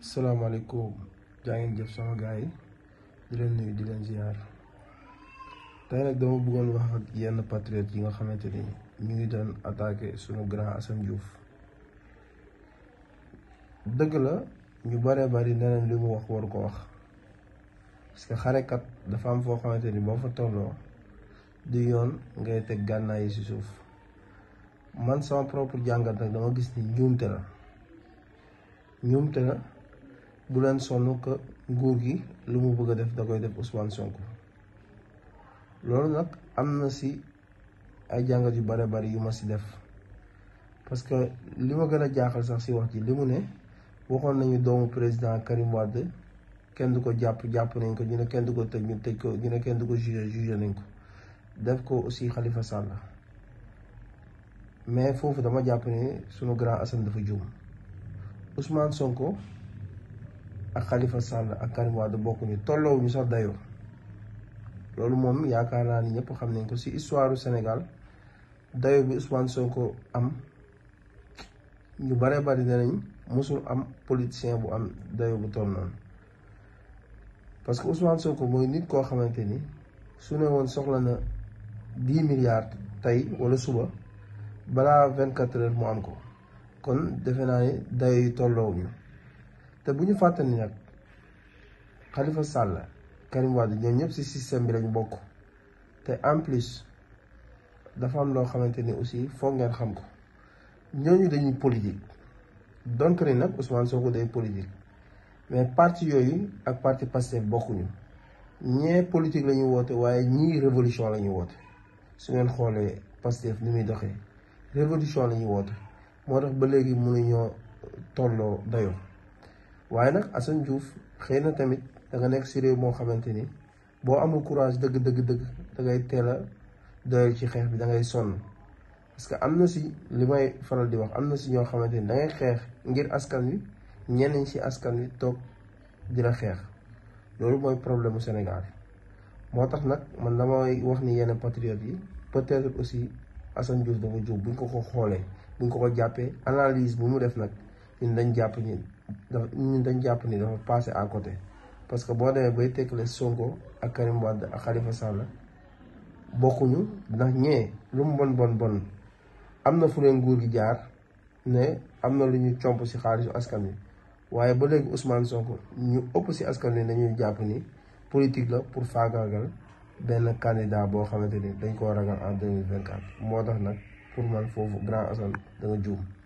salaamaaleykum jaa ngeen jëf sama gaa yi di leen nuyu di leen ziar te nag dama bëggoon wax ak yenn patriote yi nga xamante ni ñu ngi doon attaqué sunu grand Assane juuf dëgg la ñu baree bari neneen li mu wax waru ko wax parce xarekat dafa am foo xamante ni boo fa tolloo di yoon ngay teg gànnaay yi ci suuf man sama propre jàngat nag dama gis ni njuumte la njuumte la bu leen sonn que nguur gi lu mu bëgg a def da koy def Ousmane Sonko loolu nag am na si ay jàngat yu bare bari yu ma si def parce que li ma gën a jaaxal sax si wax ji li mu ne waxoon nañu doomu président Karim Wade kenn du ko jàpp jàpp nañ ko ñu ne kenn du ko tëj ñu tëj ko ñu ne kenn du ko jugé jugé nañ ko def ko aussi xalifa Sall mais foofu dama jàpp ne sunu grand Assane dafa juum Ousmane Sonko. ak Khalifa Sall ak Karim Wade bokkuñu tolloo ñu sax dayoo loolu moom yaakaar naa ni ñëpp xam nañ ko ci histoire senegal dayo dayoo bi Ousmane Sonko am ñu bare bari danañ mosul am politicien bu am dayoo bu toll noonu parce que Ousmane Sonko mooy nit koo xamante ni su ne woon soxla na dix milliards tey wala suba balaa vingt quatre heures mu am ko kon defe naa ni dayo yi tolloowuñu te bu ñu fàttali nag xalifa Sall Karim Wade ñoom ñëpp ci système bi lañu bokk te en plus dafa am loo xamante ni aussi foog ngeen xam ko ñooñu dañuy politique donc ni nag Ousmane Sonko day politique mais parti yooyu ak parti Pastef bokkuñu ñee politique la ñu woote waaye ñii révolution la ñu woote su ngeen xoolee Pastef ni muy doxee révolution la ñu woote moo tax ba léegi mënuñoo tolloo dayoo. waaye nag Assane Diouf xëy na tamit da nga nekk si réew moo xamante ni boo amul courage dëgg dëgg dëgg da teel a doyal ci xeex bi dangay sonn parce que am na si li may faral di wax am na si ñoo xamante ni dangay xeex ngir askan wi ñeneen si askan wi toog di la xeex loolu mooy problème mu Sénégal moo tax nag man damay wax ni yenn patriotes yi peut aussi Assane Diouf dafa jóg ñu ko ko xoolee buñ ko ko jàppee analyse bu mu def nag ñun dañ jàpp ñun. dafa ñun dañ jàpp ni dafa passé à côté parce que boo demee bay tekkale Sonko ak Karim Wade ak Khalifa bokkuñu ndax ñee lu mu bon bon bon am na fu leen nguur gi jaar ne am na lu ñu comp si xaalisu askan wi waaye ba léegi Ousmane Sonko ñu ëpp si askan wi dañuy jàpp ni politique la pour faagaagal benn candidat boo xamante ni dañ ko ragal en deux mille vingt quatre moo tax nag pour man foofu grand Assane da nga juum.